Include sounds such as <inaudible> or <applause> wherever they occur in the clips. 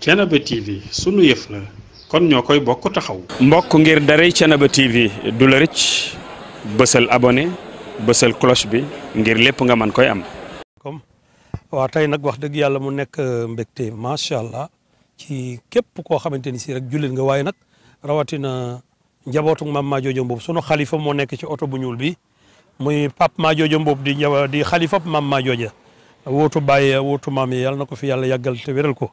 Thiénaba TV sunu yëf la kon ñoo koy bokk taxaw. mbokk ngir daray Thiénaba TV du la rëcc bësal abonné bi ngir lépp nga man koy am. comme waaw tey nag wax dëgg yàlla mu nekk euh, mbégte macha allah ci képp koo xamante ni si rek jullit nga waaye nag rawatina njabootu mam Maajojo Mboob sunu xalifa moo nekk ci oto bu ñuul bi muy Pape Maajojo Mboob di di xalifa maam Maajojo wootu bàyyi wootu maam yi yàlla na ko fi yàlla yàggal te wéral ko.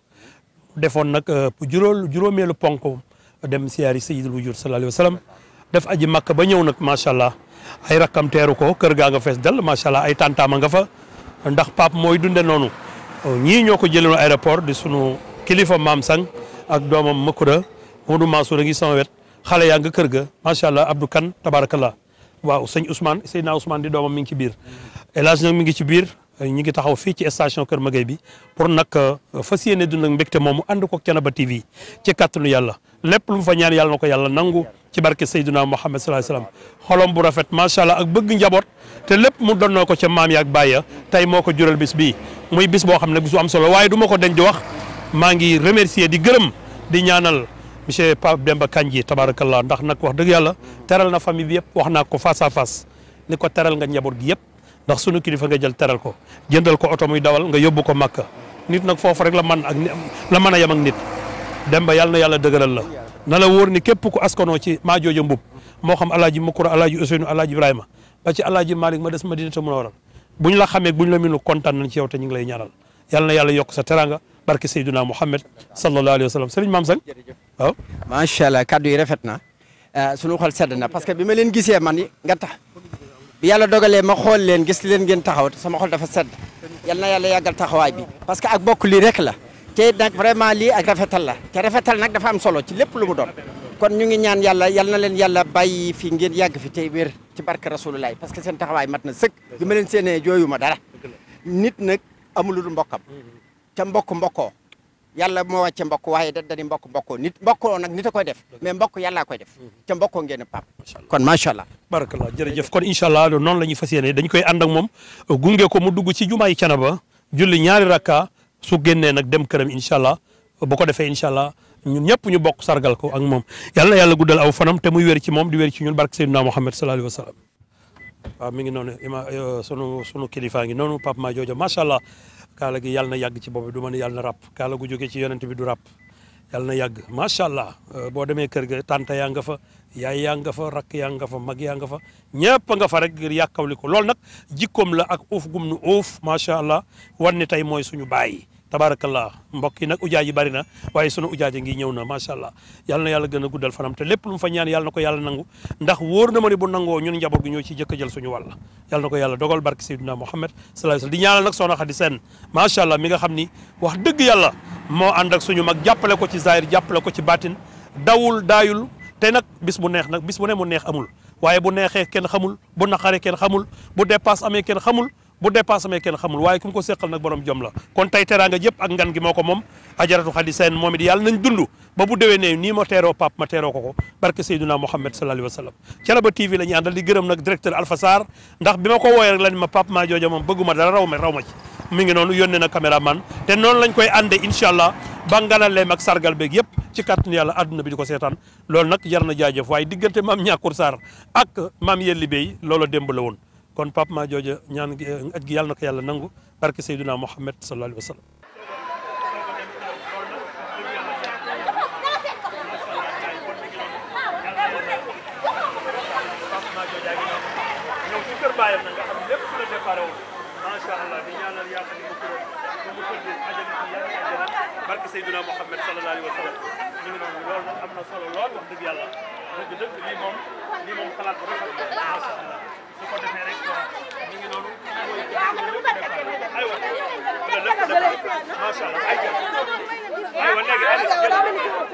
defoon nag euh, juróol juróomeelu ponk dem siyaari sayyidul wujud sallallahu alayhi wa sallam def aji makka ba ñëw nag macha allah ay rakkam teeru ko kër gaa nga fees dal macha allah ay tantaama nga fa ndax pape mooy dundee noonu ñii ñoo ko jëlee aéroport di sunu kilifa maam sang ak doomam Makuda Modou Mansour a ngi sama wet xale yaa nga kër ga macha allah Abdou Kane tabarakallah waaw sëñ Ousmane Seydina Ousmane di doomam mi ngi ci biir El Hadj nag mi ngi ci biir. ñu ngi taxaw fii ci station Kër Maguette bi pour nag euh, fas yéene dund ak mbégte moomu ànd ko Thiénaba TV ci kàttanu yàlla lépp lu mu fa ñaan yàlla na ko yàlla nangu ci barke Seydina Muhammad sallallahu alayhi wasallam xolom bu rafet macha allah ak bëgg njaboot te lépp mu donnoo ko ca maam ya ak baay tey moo ko jural bis bii muy bis boo xam ne bisu am solo waaye duma ko denc di wax maa ngi remercier di gërëm di ñaanal monsieur Pape Demba Kandji tabarakallah ndax nag wax dëgg yàlla teral na famille bi yëpp wax naa ko face à face ko teral nga njaboot gi yëpp ndax sunu kilifa nga jël teral ko jëndal ko oto muy dawal nga yóbbu ko màkka nit nag foofu rek la man ak la mën a yem ak nit dem ba yàlla na yàlla dëgëral la na la woor ni képp ku askanoo ci maa jooja mbub moo xam alaaji Mukura alaaji Ousseynou alaaji Ibrahima ba ci alaaji Malick ma des Madinatu Munawwara buñ la xamee buñ la mënul kontaan nañ ci yow te ñu ngi lay ñaanal yàlla na yàlla yokk sa teranga barke Seydina Mouhamed sallallahu alayhi wa sallam sëriñ macha allah kaddu yi rafet na ah, sunu xol sedd na parce que bi ma leen gisee man nga tax bi yàlla dogalee ma xool leen gis leen ngeen taxaw sama xol dafa sedd yal na yàlla yàggal taxawaay bi parce que ak bokk lii rek la te nag vraiment lii ak rafetal la ca rafetal nag dafa am solo ci lépp lu mu doon kon ñu ngi ñaan yàlla yal na leen yàlla bàyyi fi ngeen yàgg fi tey wér ci barke rasulullah parce que seen taxawaay mat na sëkk bi ma leen ma dara nit nag amul lu dul mbokkam ca mbokk mbokkoo yàlla moo wàcce mbokk waaye da dañuy mbokk mbokkoo nit mbokkoo nag nit a koy def mais mbokk yàllaa koy def te mbokkoo ngeen pap kon macha allah barakallah jërëjëf kon incha allah noonu la ñuy fas yéene dañ koy ànd ak moom gunge ko mu dugg ci jumaa yi Canaba julli ñaari rakka su génnee nag dem këram incha allah bu ko defee incha allah ñun ñëpp ñu bokk sargal ko ak moom yàlla yàlla guddal aw fanam te muy wér ci moom di wér ci ñun barke Seydina Muhammad sallallahu alayhi wa sallam waaw mi ngi noonu ima euh, sunu sunu kilifaa ngi noonu Pape Madiodio macha allah kaala gi yàlla na yàgg ci boobu du ma ne yàlla na ràpp kaala gu jóge ci yonent bi du ràpp yàlla na yàgg macha allah euh, boo demee kër ga tante yaa nga fa yaay yaa nga fa rakk yaa nga fa mag yaa nga fa ñëpp nga fa rek ngir yàkkawli ko loolu nag jikkoom la ak uuf gum nu uuf macha allah wan ni tey mooy suñu baay tabarakallah mbokk yi nag ujaaj yi bari na waaye sunu ujaaj ngi ñëw na macha allah yal yàlla gën a guddal fanam te lépp lu mu fa ñaan yàlla na ko yàlla nangu ndax wóor na ma ne bu nangoo ñun njaboot gi ñoo ci jëkk jël suñu wàll yàlla na ko yàlla dogal barke Seydina Muhammad sallallahu alayhi wasallam di ñaanal nag soxna Xadi Seen macha allah mi nga xam ni wax dëgg yàlla moo ànd ak suñu mag jàppale ko ci zahir jàppale ko ci baatin dawul daayul te nag bis bu neex nag bis bu ne mu neex amul waaye bu neexee kenn xamul bu naqaree kenn xamul bu dépasse amee kenn xamul bu dépassé may kenn xamul waaye ku ko séqal nag borom jom la kon tey teraanga yëpp ak ngan gi moo ko moom ajaratu xadi seen moom it yàlla nañ dund ba bu déwee ne nii ma teeroo pap ma teeroo ko ko barke Seydina Mouhamed sallallahu alayhi wa sallam Thiénaba TV la ñu àndal di gërëm nag directeur Alpha Sarr ndax bi ma ko wooyee rek la ni ma pap maa joojo moom bëgguma dara raw ci mi ngi noonu yónnee na caméraman te noonu lañ koy àndee incha allah ba nganaleem ak sargal beeg yëpp ci kàttanu yàlla àdduna bi di ko seetaan loolu nag jar na jaajëf waaye diggante maam ñàkkur Sarr ak maam bay loola démb woon kon Pape Ma jooja ñaan gi aj gi yàlla na ko yàlla nangu barke Seydina Mouhamed sallallahu alayhi wa sallam barke Seydina Mouhamed sallallahu alayhi wa sallam ñu ngi noonu loolu nag am na solo lool wax dëgg yàlla dëgg dëgg lii moom lii moom xalaat bu rafet su ko defee rek ñu ngi noonu mooy aywa lépp lépp macha allah aywa léegi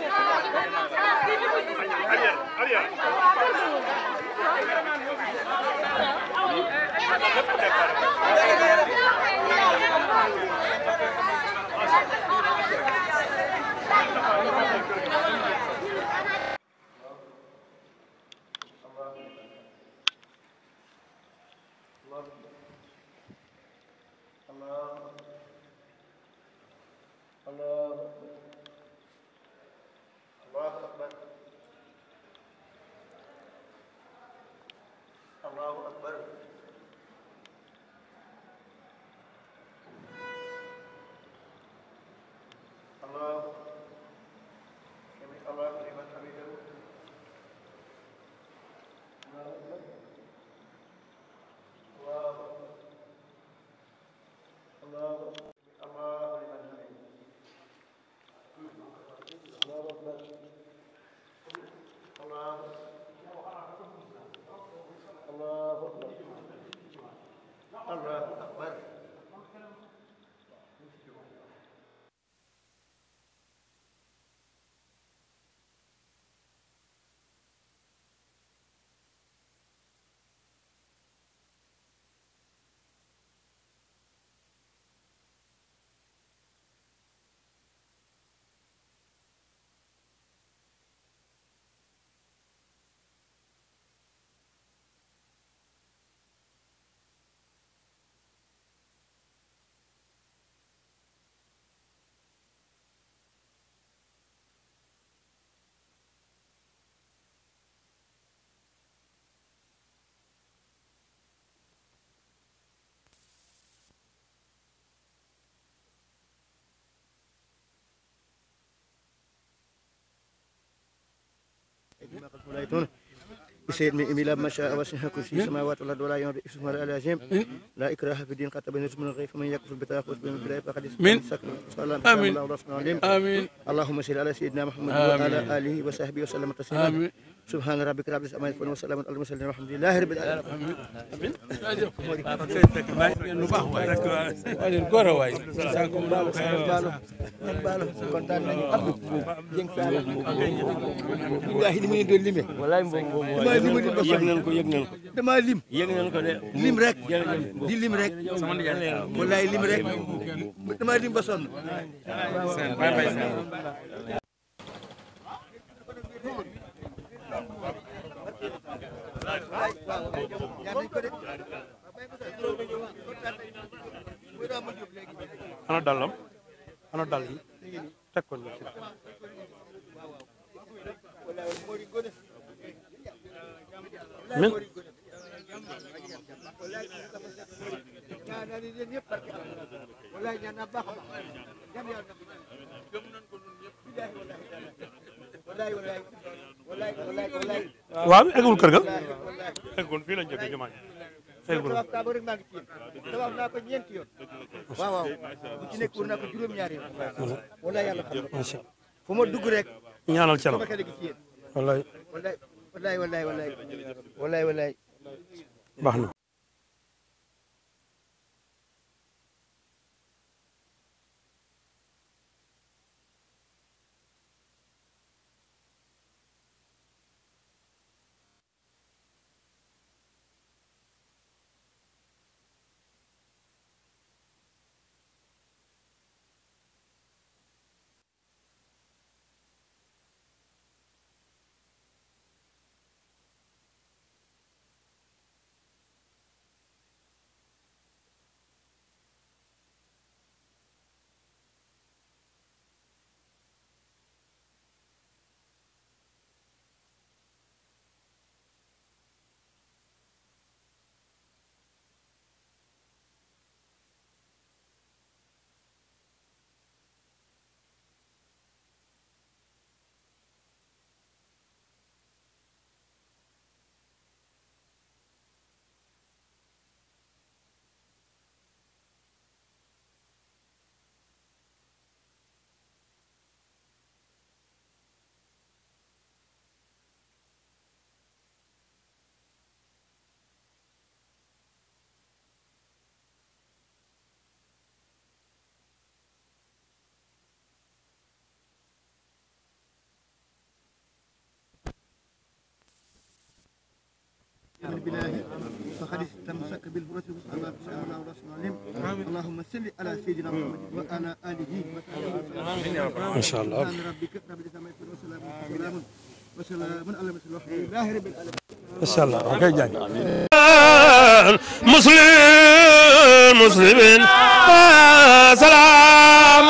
يحيطون بسيد من إمي لا ما شاء وسع كرسي السماوات والأرض ولا يمر اسمه العلي العظيم لا إكراه في الدين قد تبين من الغيب فمن يكفر بالتاخذ بين البداية فقد من صلى الله عليه وسلم آمين اللهم صل على سيدنا محمد وعلى آله وصحبه وسلم تسليما subhaana rabbika rabbil izzati ammaa yasifuun wa salaamun alal mursaliin walhamdulillaahi rabbil aalamiin kontaan nañu Abdou Dieng Saala billaahi ni mu leen doon limee walaay damaa lim yëg nañ ko yëg nañ ko damaa lim yëg nañ ko de lim rek di lim rek walaay lim rek damaa lim ba sonn ana dàllam ana dàll yi teg ko nii min waaw eggul kër ga eggul fii lañ jógee jumaa eggul tabax naa ko ñeenti yoon waaw waaw bu ci nekk wër naa ko juróom-ñaari yoon wala yàlla xam fu ma dugg rek ñaanal ci la wallaay wallaay wallaay wallaay wallaay baax na بالله فقد استمسك بالفرس الوثقى فسأل الله رسول العليم اللهم صل على سيدنا محمد وعلى آله وصحبه ما شاء الله ربك رب العزة وسلام وسلام وسلام على المرسلين والحمد لله رب العالمين ما شاء الله اوكي جاي مسلم مسلم سلام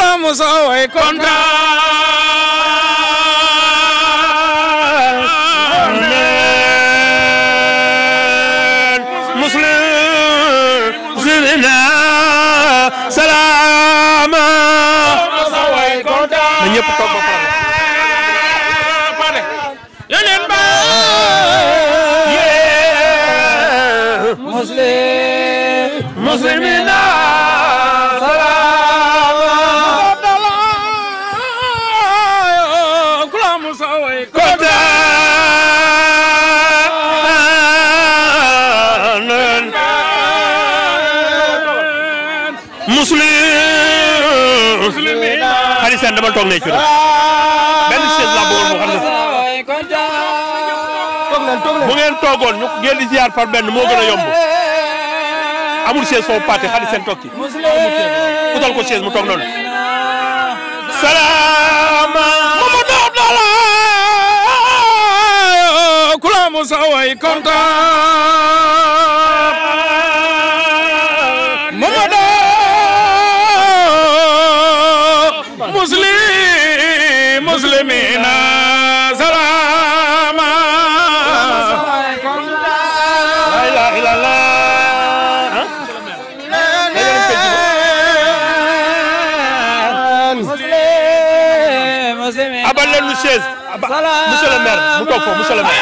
كل مسوي كنت soxna ci benn chaise laa bëggoon boo xam ne ngeen toogoon ñu ngeen di ziar par benn moo gën a yomb amul chaise soo paate xali seen toog ci ko chaise mu toog noonu salaama mama doom dala kula musa way kontaan ko monsieur le maire.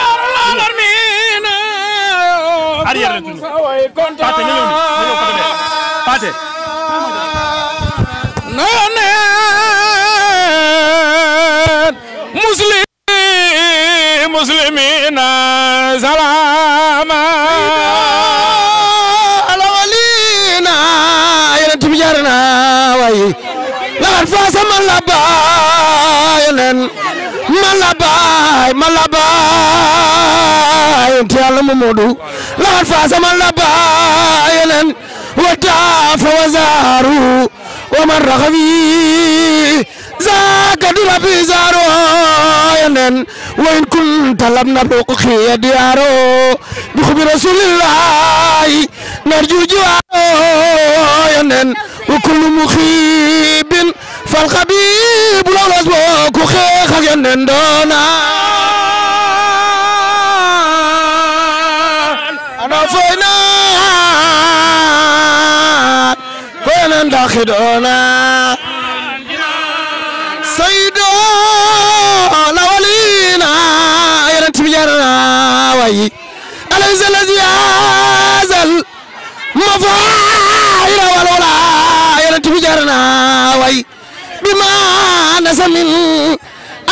arrière la tudd Pathé nga ñëw nii nga ñëw côté bee Pathé. muslim muslimina salama ala walina yene timi jarana wayi laxat fasa malaba yenen malaba malaba yonent Yàlla Mamadu laxat fa saman la bayanan wa daafa wa zaaru wa man raxafi zaaka du rabbi zaaro yanan wa in kunta lam nabqiya diyaaro bi xubi rasulillahi narju jiwaaro yanan wa kullu muxibin fal xabibu law las boo ku xeex ak yanan doona جنان داخدونا سيدو لولينا يا رنت بجرنا وي أليس الذي أزل مفاعل والولا يا رنت بجرنا وي بما نس من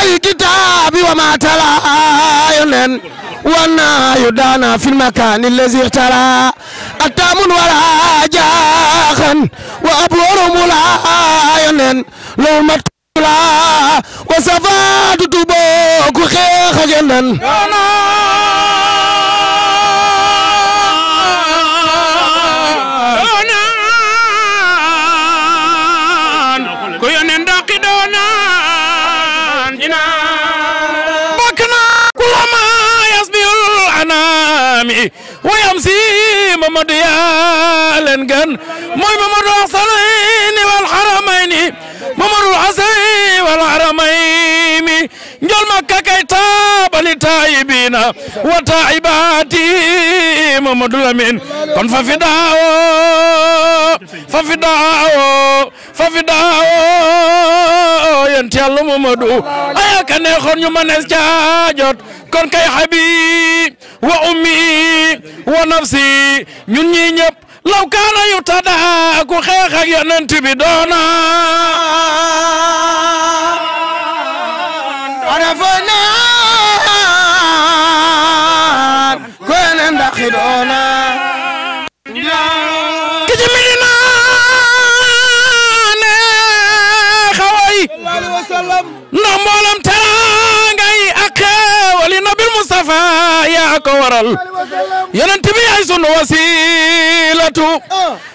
أي كتاب وما تلا ينن وانا يدانا في المكان الذي اختار التام ولا جاخن mulaa yonen loo mat mulaa wa safaatu tuboo ku xeex ak yonen wayam si Mamadou yaa leen gën mooy Mamadou wax solo الحسين ممر الحسين والحرمين نجل مكة كي تاب لتائبين وتائباتي محمد الأمين كن ففداو ففداو ففداو ينتي الله محمد أيا كان يخون يمنس جاجت كن كي حبيب wa ummi wa nafsi ñun ñi ñëw law kaana yuftada ku xeex ak yonent bi doona arafana ko yonent daqi doona ki ci Medina ne xaway ndax mboolam te yaa ko waral yonent bi yaay sunu wasilatu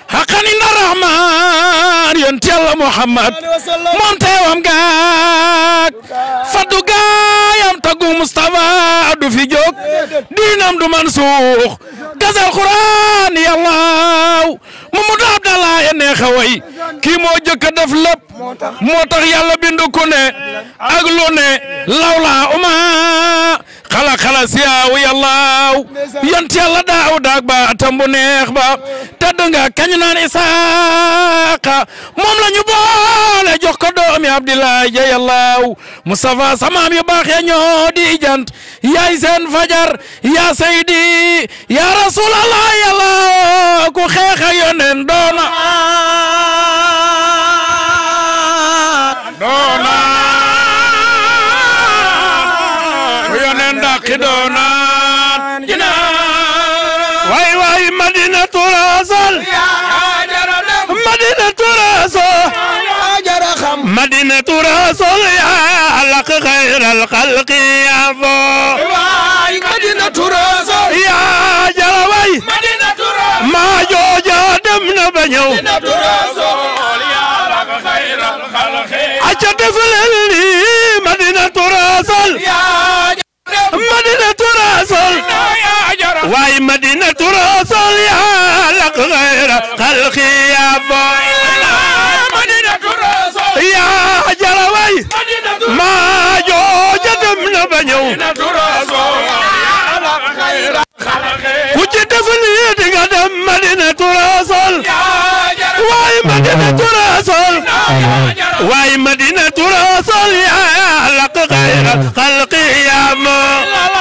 xaqan inna rahman yonent yàlla Muhammad moom teewam gaag faddu gaayam taggu Mustafa du fi jóg diinam du man suux gasal Quraan yàllaaw Mamadou Abdallah ya neexa way kii moo jëkk a def lépp moo tax yàlla bindu lawla uma xala xala siyaawu yàllaaw yont yàlla daaw daag ba atam bu neex ba tedd nga kañ naan isaaqa moom la ñu boole jox ko doomi abdilaay ja yàllaaw mustafa samaam yu baax ya ñoo di jant yaay seen fajar yaa saydi yaa rasulallah yàllaaw ku xeex ak yoneen doona ki doonaat jinaat waay waay madina turasal madina turasal madina turasal yaa laq xayral xalqi yaa foo waay madina turasal yaa jara waay madina turasal maa jooja dem na ba ñëw madina turasal yaa laq xayral xalqi acca defal ni madina turasal yaa madinatu rasul waay madinatu rasul yaa laq gayra xalqi yaa boy yaa jara waay maa jooja dem na ba ñëw ku ci defal yi di nga dem madinatu rasul waay madinatu rasul waay madinatu rasul yaa laq gayra xalqi yaa boy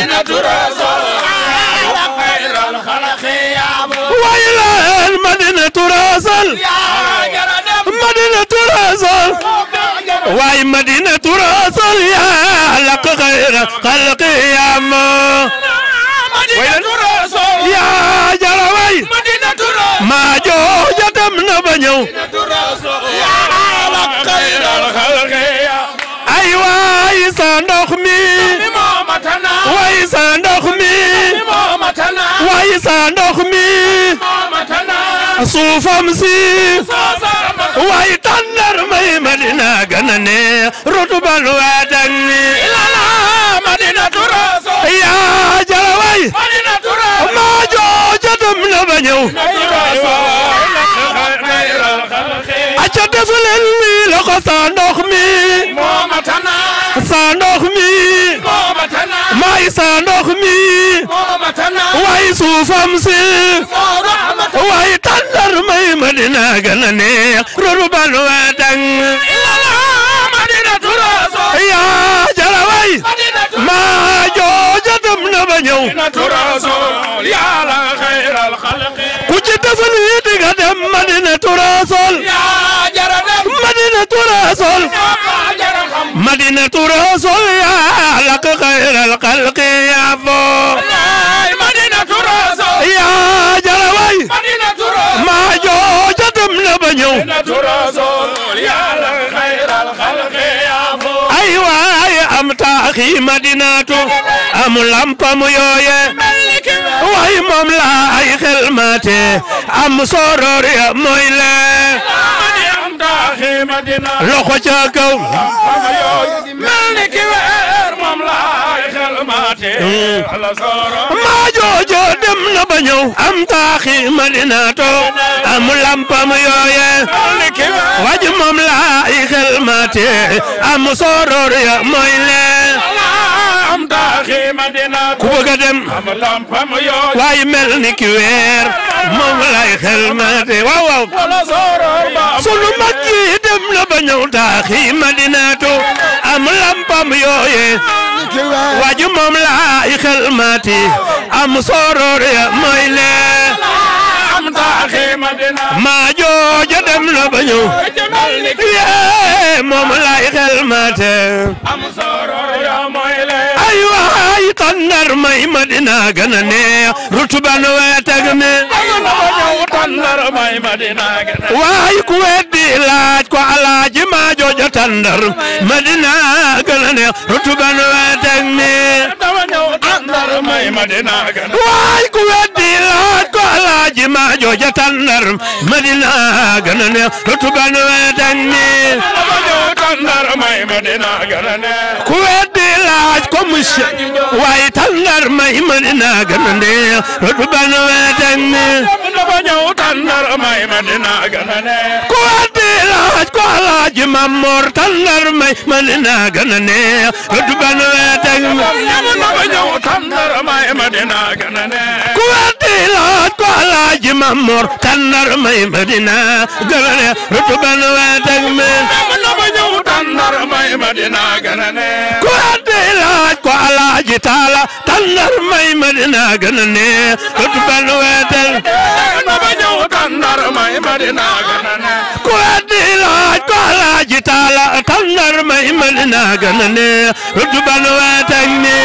زينة رسول خير الخلق يا ابو ويلا المدينة رسول مدينة رسول واي مدينة رسول يا لك خير الخلق يا ابو مدينة رسول يا جروي مدينة رسول ما جو جدم نبنيو مدينة رسول يا لك خير الخلق يا ايوا يسا نخمي waaye sa ndox mi waaye sa ndox mi suufam si waaye tàndar may madina gën a ne rutuban weedag ni ilala madina turaso yaa jala waay maa joojatam na ba ñëw acca defu leen lii loxo sa ndox mi way sa ndox mi way suufam si way tàndar may madina gën a neex rurban wa dang yaa jara way maa jooja dem na ba ñëw ku ci defal yi di nga madina turasol رسول مدينة رسول يا لك خير الخلق يا فو مدينة رسول يا جلوي مدينة رسول ما جوجت من بنيو مدينة رسول يا لك خير الخلق يا فو أيوة يا أم تاخي مدينة أم لمقم يويه واي مملا أي خلمته أم سرور يا مويله loxo ca kaw mel ni ki moom laay xel maate mm. maa joojo dem na ba am taaxi madina toog am lampam yooye waj moom laay xel maate am soror ya mooy leen ku bëgg a dem waaye mel ni ki weer moom lay xel mate waaw waaw sunu mag yi dem na ba ñëw taaxi madinatu am lampam yooye waaju moom lay am sooroor ya mooy maa jooja dem na ba yee moom lay xel am sooroor ya mooy way way tàndar may Madina gën a neex rutuban weeteg mi tàndar may Madina gën a waay ku weddi laaj ko alaaji maa joojo tàndar Madina gën a neex rutuban weeteg mi tàndar may Madina gën a waay ku weddi laaj ko alaaji maa joojo tàndar Madina gën a neex rutuban weeteg mi tàndar may Madina gën a neex ku weddi العيش ويتنر ميمننا قرندي رتبا ويتني تنر ميمننا قرندي كوادي لاج كوالاج ممور تنر ميمننا قرندي رتبا ويتني تنر ميمننا قرندي كوادي لاج كوالاج ممور تنر ميمننا قرندي رتبا ويتني تنر ميمننا قرندي ji taala tàndar may madina gën a neex tut ban weetal na ba ñëw tàndar may madina gën a neex ku weddi laaj ko alaaji taala tàndar may madina gën a neex tut ban weetal ni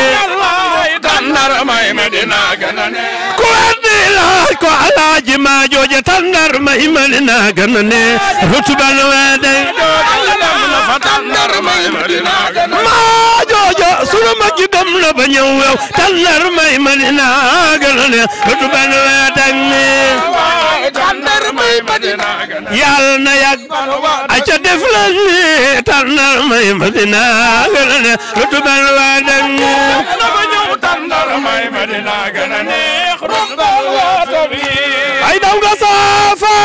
tàndar may madina gën a neex ku weddi laaj ko alaaji maa jooje tàndar may madina gën a neex tut ban weetal maa lu mag gëm na ba ñëw wew tàllar may ma dina gën a neex du ban weet ak nii tàllar may ma dina yàlla na yàgg aca def la nii tàllar may ma dina gën a neex du ban weet ak nii ay daw nga saafa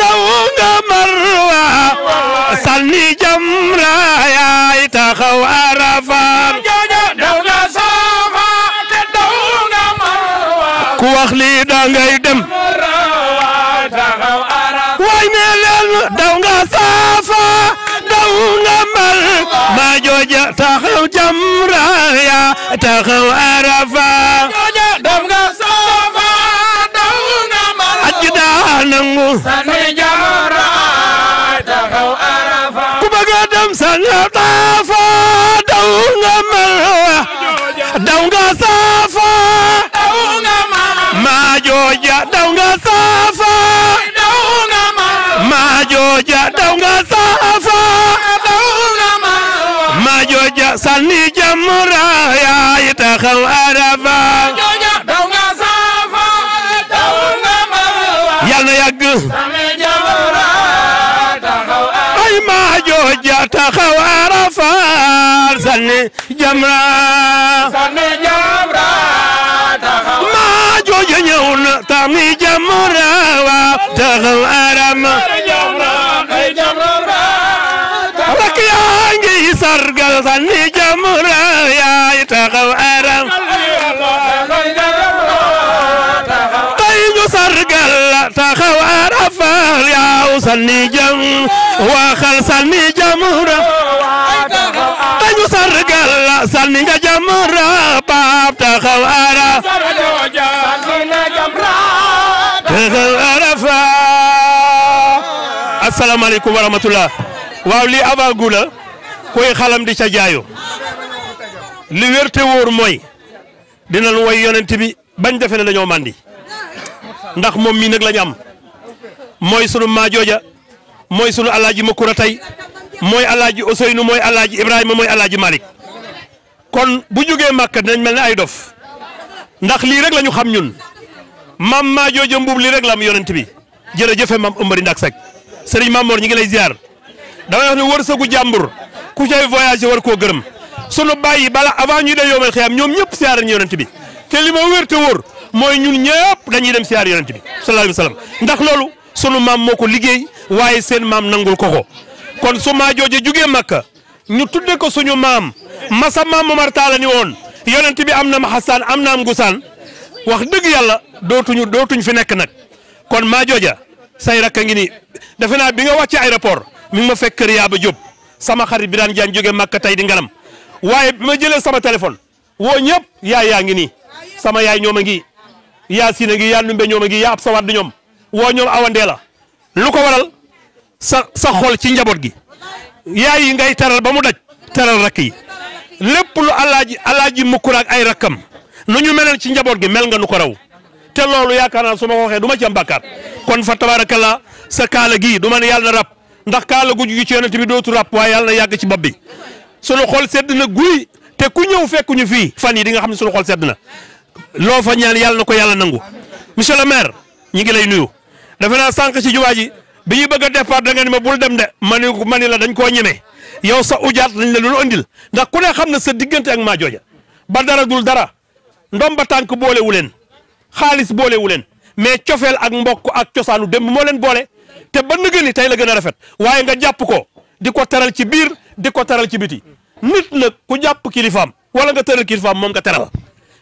daw nga marwa sànni jamra yaay taxaw arafat wax lii da ngay dem waay daw nga saafa daw nga mal ma jooja taxaw jamra ya taxaw arafa daw nga saafa daw nga mal aj daa nangu sane jamra taxaw arafa ku bëgg a dem taafa daw nga mal jooja daw nga saafa maa jooja daw nga saafa maa jooja sànni jamra yaay taxaw arafa yal na yàgg ay maa jooja taxaw arafa sànni jamra te ñëw na tam ni jamra wa taxaw aram rak yaa ngi sargal san ni jamra yaay taxaw aram tey ñu sargal la taxaw arafal yaaw san ni jam waxal san ni jamra tey ñu sargal la san ni nga jamra baab taxaw aram aleykum waaw lii avant-goût la di ca jaayu li wér te wóor mooy dinañ bi bañ defe ne dañoo màndi ndax moom mii nag lañu am mooy sunu maajooja mooy sunu alaaji Makura tey mooy alaaji mooy alaaji Ibrahima mooy alaaji Malick kon bu jógee màkk dinañ mel ne ay dof ndax lii rek la ñu xam ñun maam maajooja mbuub lii rek la am yonent bi jërëjëfe maam Ëmbëri Ndak Seck sëriñ Mamor ñu ngi lay ziar damay wax ne wërsëgu jàmbur ku cay voyagé war koo gërëm sunu bàyyi bala avant ñuy dem yowmal xiyaam ñoom ñëpp siyaar nañu yonent bi te li ma wér te wóor mooy ñun ñëpp dañuy dem siyaar yonent bi sallallahu alayhi wa sallam ndax loolu sunu maam moo ko liggéey waaye seen maam nangul ko ko kon su maa jooje jugee Makka ñu tudde ko suñu maam masa maam Momar Taala ni woon yonent bi am na ma xasaan am na am gusaan wax dëgg yàlla dootuñu dootuñ fi nekk nag kon maa jooja say rakk a ngi nii defe naa bi nga wàcce aéroport mi ma fekk kër Yaaba Diop sama xarit bi daan jaan jóge Màkka tey di ngalam waaye bi ma jëlee sama téléphone woo ñëpp yaa yaa ngi nii sama yaay ñoom a ngi yaa Sina ngi yaa Numbe ñoom a ngi yaa Absa Wade ñoom woo ñoom awandee la lu ko waral sa sa xol ci njaboot gi yaay yi ngay teral ba mu daj teral rakk yi lépp lu alaaji alaaji mukkuraak ay rakkam nu ñu melal ci njaboot gi mel nga nu ko raw te loolu yaakaar naa su ma ko waxee du ma ci am bàkkaat kon fa tabaarakallaa sa kaala gii du ma ne yàlla na rab ndax kaala gu jugi ci yonent bi dootu rab waaye yàlla na yàgg ci bopp bi sunu xol sedd na guy te ku ñëw fekkuñu fii fan yi di nga xam ne sunu xol sedd na loo fa ñaan yàlla na ko yàlla nangu monsieur le maire ñi ngi lay nuyu defe naa sànq ci jumaa ji bi ñuy bëgg a départ da nga ni ma bul dem de ma ni ma la dañ koo ñeme yow sa ujaat lañ la doon andil ndax ku ne xam ne sa diggante ak maa jooja ba dara dara ndom ba tànk boole leen xaalis boolewu leen mais cofeel ak mbokk ak cosaanu démb moo leen boole te ba nëgë ni tey la gën a rafet waaye nga jàpp ko di ko teral ci biir di ko teral ci biti nit nag ku jàpp kilifaam wala nga teral kilifaam moom nga teral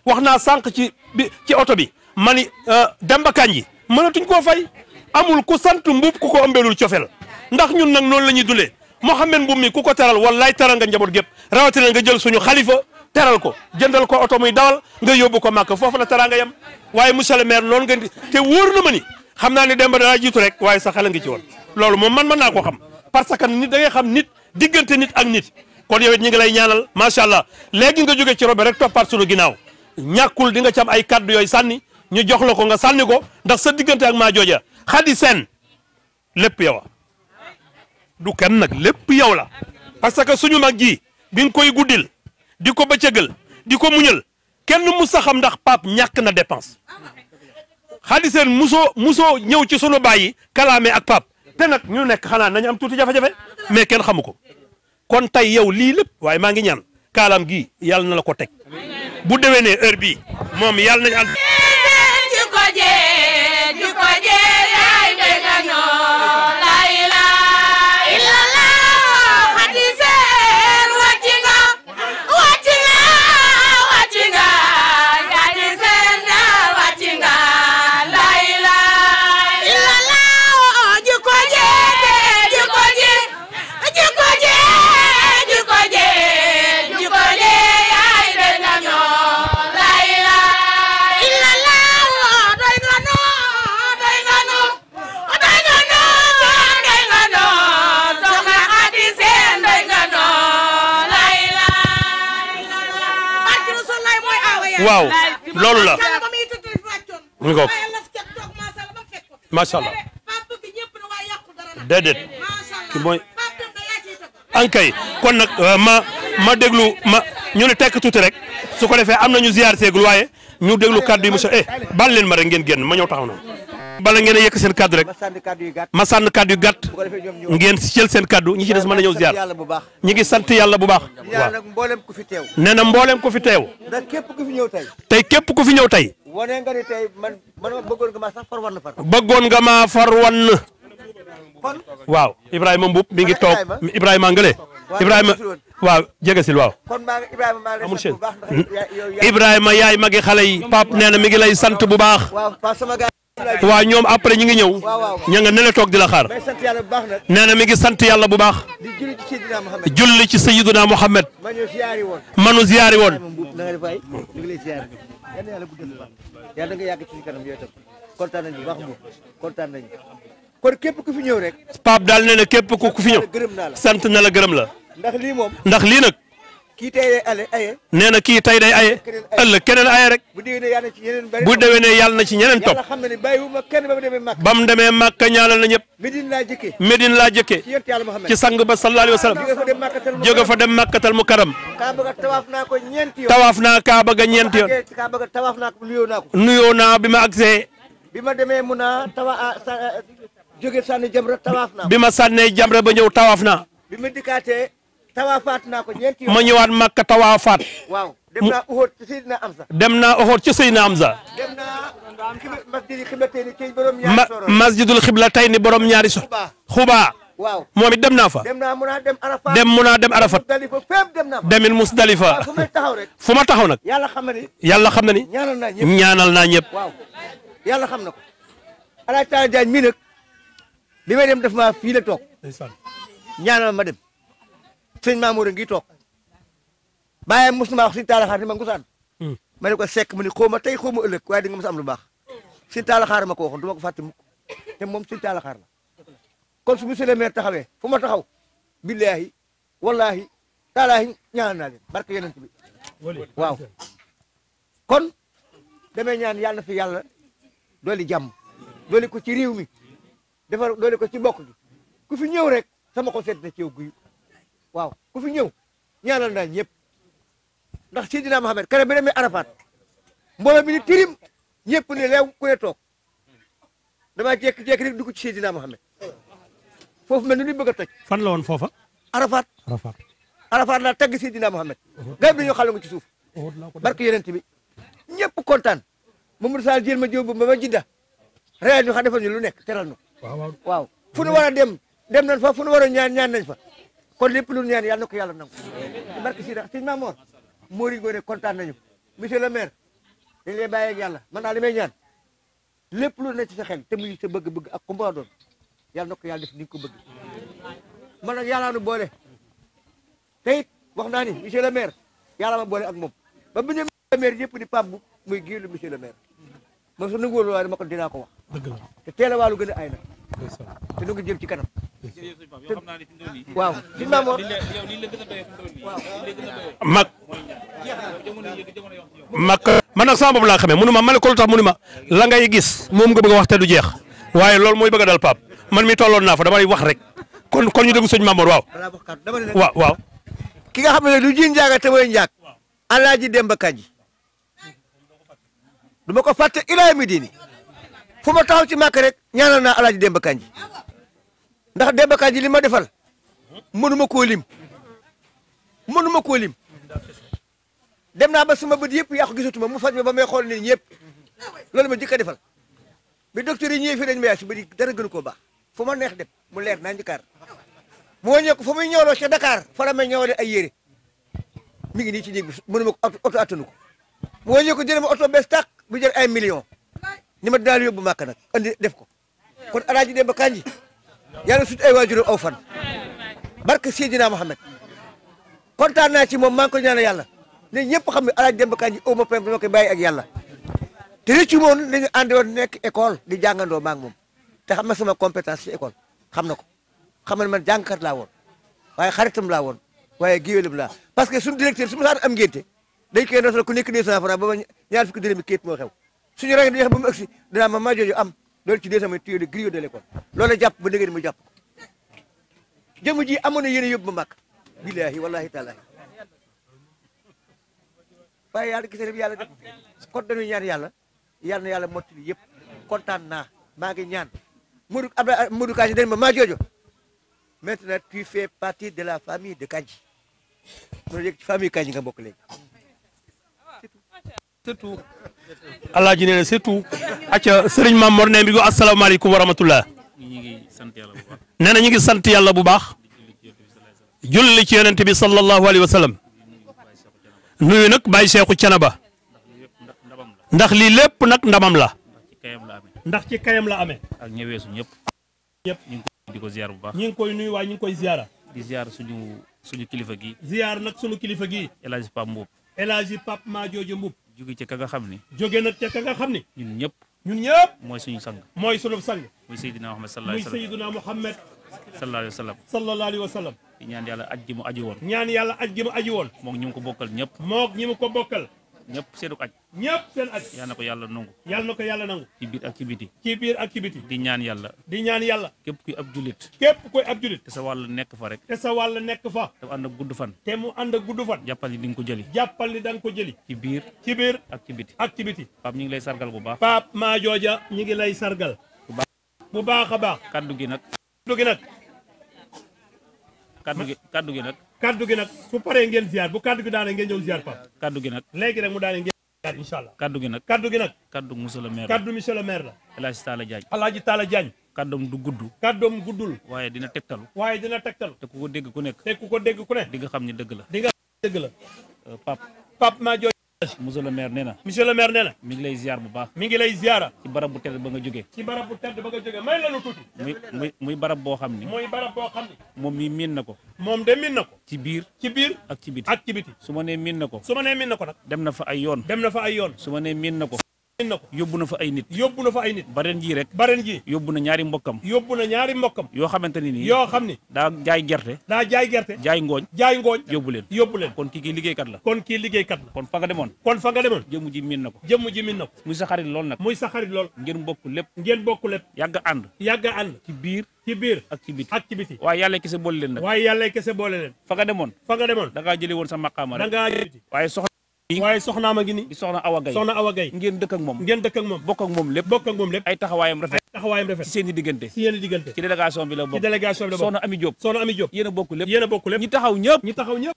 wax naa sànq ci bi ci oto bi ma ni euh, Demba Kandji mënatuñ koo fay amul ku sant mbuub ku ko ëmbelul cofeel ndax ñun nag noonu la ñuy dundee Mouhamed Mboub mi ku ko teral wallaay teral nga njaboot gépp rawatina nga jël suñu xalifa teral ko jëndal ko oto muy dawal nga yóbbu ko màkk foofu la teraanga yem waaye monsieur le maire noonu ngeen di te wóor na ma ni xam naa ne Demba danaa jiitu rek waaye sa xel a ngi ci woon loolu moom man mën naa ko xam parce que nit da xam nit diggante nit ak nit kon yow it ñu ngi lay ñaanal macha allah léegi nga jóge ci robe rek toppaat suñu ginnaaw ñàkkul di nga ci am ay kaddu yooyu sànni ñu jox la ko nga sànni ko ndax sa diggante ak maa jooja xadi seen lépp yow du kenn nag lépp yow la parce que suñu mag ji bi nga koy guddil di ko bëccëgal di ko muñal kenn musa xam ndax Pape ñàkk na dépense xaalis seen musoo musoo ñëw ci sunu baay yi kalaame ak Pape te nag ñu nekk xanaa nañu am tuuti jafe-jafe mais kenn xamu ko kon tey yow lii lépp waaye maa ngi ñaan kaalaam gi yàlla na la ko teg bu ne heure bii moom yàlla nañ ànd macha allah eh, eh, déedéet ki mooy ankay kon nag euh, ma ma déglu ma ñu ne tekk tuuti rek su ko defee am nañu ziar seegul waaye ñu déglu kàddu yi monsieur eh baal leen ma rek ngeen génn ma ñëw taxaw na bala ngeen a yëkk seen kaddu rek ma sànn kaddu yu gàtt ngeen jël seen kaddu ñi ci des mën a ñëw ziar ñi ngi sant yàlla bu baax waaw nee na mboolem ku fi teew tey képp ku fi ñëw tey wane nga ni tey man man bëggoon nga maa sax far wan far bëggoon a maa far wan waaw Ibrahima Mboup ngi toog Ibrahima Ngale Ibrahima waaw jege sil waaw amul chaise Ibrahima yaay magi xale yi Pape nee na mi ngi lay sant bu baax. waaw ñoom après ñi ngi ñëw ña nga ne la toog di la xaar nee na mi ngi sant yàlla bu baax julli ci Sayyiduna Muhammad manu ziyaari woon kon képp ku fi ñëw rek Pape daal nee na képp ku fi ñëw sant na la gërëm la ndax lii nag kii tey day aye. nee na kii tey day aye. ëllëg keneen aye rek. bu déwénee yàlla na ci ñeneen topp. yàlla xam na ne bàyyiwuma kenn ba mu demee Màkka. ba mu demee Màkka ñaanal na ñëpp. Medine laa jëkkee. ci sang ba sallallahu alayhi wa sallam. fa dem Màkkatal Mukarram. tawaaf naa ko ñeenti ñeenti yoon. nuyoo naa ko. ma agsee. bi ma demee mun naa tawa jóge sànni jamra tawaaf naa. bi ma sànnee jamra ba ñëw tawaaf naa. bi tawaafaat naa ko ñeenti yoon ma ñëwaat Makka tawaafaat. waaw dem naa Uhud ci Seydina Amza. dem na Uhud ci Seydina Amza. dem naa masjidul xiblatayni borom ñaari so xubaa waaw moom it dem naa fa. dem naa mun a dem Arafat dem mun a dem Arafat. demit Musdalifa fu ma taxaw rek. nag. yàlla xam na ni. yàlla xam na ni. ñaanal naa ñëpp ñaanal naa ñëpp. waaw yàlla xam na ko. El Hadj Talla Diagne mii sëñ Mamour ngi toog bàyyi mos na maa wax sëñ Talla Xaar ni ma ngusaan hmm. ma ne ko sekk ma ni ma tey xoo ma ëllëg waaye di nga am lu baax sëñ Talla Xaar ma ko waxoon ko fàtte te moom sëñ Talla Xaar kon su monsieur le maire taxawee fu ma taxaw billaahi wallaahi taalaahi ñaan naa leen barke yonent bi waaw kon damay ñaan yàlla na fi yàlla dooli jàmm dooli ko ci réew mi defar dooli ko ci bokk gi ku fi ñëw rek sama ko sedd na ci yow waaw ku fi ñëw ñaanal naa ñëpp ndax Seydina Mohamed kare bi demee Arafat mbooloo bi ni tirim ñëpp ni leew ku ne toog damaa jékki-jékki rek dugg ci Seydina Mohamed foofu mel ni luñ bëgg a toj. fan la foofa. Arafat Arafat. Arafat laa tagg Seydina Mohamed. garab dañoo xàllangu ci suuf. barke yonent bi ñëpp kontaan. Mamadou Sall jël ma jiw ba ma jidda réew ñu xam defal ñu lu nekk teral ñu. waaw fu nu war dem dem nañ fa fu nu war a ñaan ñaan nañ fa. kon lépp lu ñaan yàlla na ko yàlla nangu ci barke Sida sëñ Mamoor Mori Ngoné kontaan nañu monsieur le maire dañ lay bàyyi ak yàlla man naa li may ñaan lépp lu ne ci sa te muy sa bëgg-bëgg ak ku mu doon yàlla na ko yàlla def ni nga ko bëgg man nag yàlla nu boole te it wax naa ni monsieur le maire yàlla ma boole ak moom ba bu ñu le maire yëpp di Pape muy géelu monsieur le maire man su nanguwul waaye dama ko dinaa ko wax te teel a waalu gën a ay te doo ko jël ci kanam. waaw suñu maamoor. mag. mag. man nag sama bopp laa xamee munuma ma ne ko lu tax munuma la ngay gis moom nga bëgg wax te du jeex waaye loolu mooy bëgg a dal Pape man mi tolloon naa fa damay wax rek kon kon ñu déglu sëñ Maamoor waaw. waaw waaw. ki nga xam ne du jiin njaaga te mooy njaag. alaaji Demba Kaji. du ma ko fàtte ilaa mi dini fu ma taxaw ci màkk rek ñaanal naa alaaji Demba Kandji ndax Demba Kandji li ma defal mënuma koo lim mënuma koo lim dem naa ba sama bët yëpp yàqu gisatuma mu faj ma ba may xool nit ñëpp loolu ma jëkka defal bi docteur yi ñëwee fii dañ ma yaa si dara gënu koo baax fu ma neex dem mu leer naa ñu kaar moo ñëw fu muy ñëwloo ca Dakar fa la may ñëwalee ay yére mi ngi nii ci néeg bi mënuma ko oto attanu ko moo ñëw ko ma oto bees tàq bu jël ay millions. ni ma daal yóbbu màkk nag andi def ko kon alaaji Demba Kandji yàlla sut ay waajuram aw fan barke Seydina Mohamed kontaan naa ci moom maa ngi ko ñaanal yàlla ne ñëpp xam ne alaaji Demba Kandji au ma pem dama koy bàyyi ak yàlla te rëccu moom dañu àndoon nekk école di jàngandoo maa ngi moom te xam na sama compétence ci école xam na ko xam na man jàngkat laa woon waaye xaritam laa woon waaye géwélam laa parce que suñu directeur su ma saan am ngénte dañ koy notal ku nekk 200 suñu rang di jeex ba mu ëgsi dinaa ma maa jooju am loolu ci deuxième tuyau de griot de l'école loolu jàpp ba dëgg mu jàpp jëmm ji amoon na yéen a yóbbu ma màkk billaahi wallaahi taalaahi waaye yàlla gis nañu yàlla def kon dañuy ñaan yàlla yal na yàlla mottali yëpp kontaan naa maa ngi ñaan Modou Abdoulaye Modou Kandji dañ ma maa joojo maintenant tu fais parti de la famille de Kandji loolu yëg ci famille Kandji nga bokk léegi alaaji nee na surtout. acca sëriñ Maam Mor nee na bi ko asalaamaaleykum wa rahmatullah. nee na ñu ngi sant yàlla bu baax. julli ci yonent bi sallallahu alayhi wa sallam. nuyu nag bàyyi seexu canaba. ndax lii lépp nag ndamam la. ndax ci kayam la amee. ak ñi weesu ñëpp. ñëpp koy bu baax. ñu ngi koy nuyu waaye ñu ngi koy ziara. di ziar suñu kilifa gi. ziar nag suñu kilifa gi. El Hadj Pape Mboup. El Maa Joojo Mboup. jóge ci ka nga xam ni jóge nag nga xam ni ñun ñëpp ñun ñëpp mooy suñu sang mooy sunu sang muy Seydina Muhammad sallallahu alayhi wa sallam muy Seydina Muhammad sallallahu alayhi wa sallam sallallahu ñaan yàlla aj gi mu aji woon ñaan yàlla aj gi mu woon mook ñi ko bokkal ñëpp mook ñi mu ko bokkal ñëpp seenu aj ñëpp seen aj yal na ko yàlla nangu yal na ko yàlla nangu ci biir ak ci biti ci biir ak ci di ñaan yàlla di ñaan yàlla képp kuy ab julit képp kuy ab julit te sa wàll nekk fa rek te sa wàll nekk fa te mu ànd ak gudd fan te mu ànd ak gudd fan jàppal ni ko jëli jàppal ni da nga ko jëli ci biir ci ak ci biti ak ci biti Pape ñu ngi lay sargal bu baax Pape maa jooja ñu ngi lay sargal bu baax a baax kàddu gi nag kaddu nag kaddu gi kaddu gi nag kaddu gi nag su paree ngeen ziar bu kaddu gi daanee nag léegi mu daanee ngeen ziar allah. kaddu gi nag kaddu gi nag. kaddu la kaddu monsieur le maire la. El Hadj Talla Diagne. El Hadj Talla Diagne. kaddoom du gudd. kaddoom guddul. waaye dina tegtalu. waaye dina tegtalu. te ku ko dégg ku nekk. te ku ko dégg ku nekk. di nga xam ni dëgg la. di nga xam ni la. Euh, Pape. <coughs> monsieur le maire nee na monsieur le maire nee ngi lay ziar bu baax mi ngi lay ziara ci barab bu tedd ba nga jógee ci barab bu tedd ba nga jógee may lanu tuuti muy muy barab boo xam ni muy barab boo xam ni moom mii miin na ko moom de miin na ko ci biir ci biir ak ci biti ak ci biti su ma nee miin na ko su ma nee miin na ko nag dem na fa ay yoon dem na fa ay yoon su ma nee miin na ko na ko yóbbu na fa ay nit yóbbu na fa ay nit baren jii rek baren jii yóbbu na ñaari mbokkam yóbbu na ñaari mbokkam yoo xamante ne nii yoo xam ni daa jaay gerte daa jaay gerte jaay ngooñ jaay ngooñ yóbbu leen yóbbu leen kon kii kii kat la kon kii liggéeykat la kon fa nga demoon kon fa nga demoon jëmm ji min na ko jëmm na ko muy sa xarit lool nag muy sa xarit lool ngeen bokk lépp ngeen bokk lépp yàgg ànd yàgg ànd ci biir ci biir ak ci biti ak ci biti waaye yàlla kese boole leen nag yàlla kese boole leen fa nga demoon fa nga demoon da ngaa jëli woon sa maqaama rek waaye soxnaama soxna Awa Gaye soxna Awa Gaye moom ngeen dëkk ak moom bokk ak moom lépp bokk ak ay taxawaayam rafet taxawaayam rafet seen i diggante seen i diggante ci délégation bi la bokk ci délégation bi a bokk lépp yéen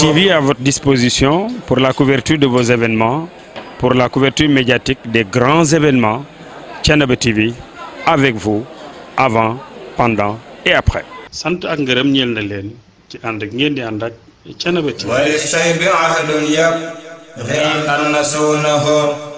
TV à votre disposition pour la couverture de vos événements pour la couverture médiatique des grands événements Thiénaba TV avec vous pendant sant ak ngërëm ñeel na leen ci ànd ak ngeen di ànd ak Thiénaba TV. wali say bi ahadun yab. xëy na suuna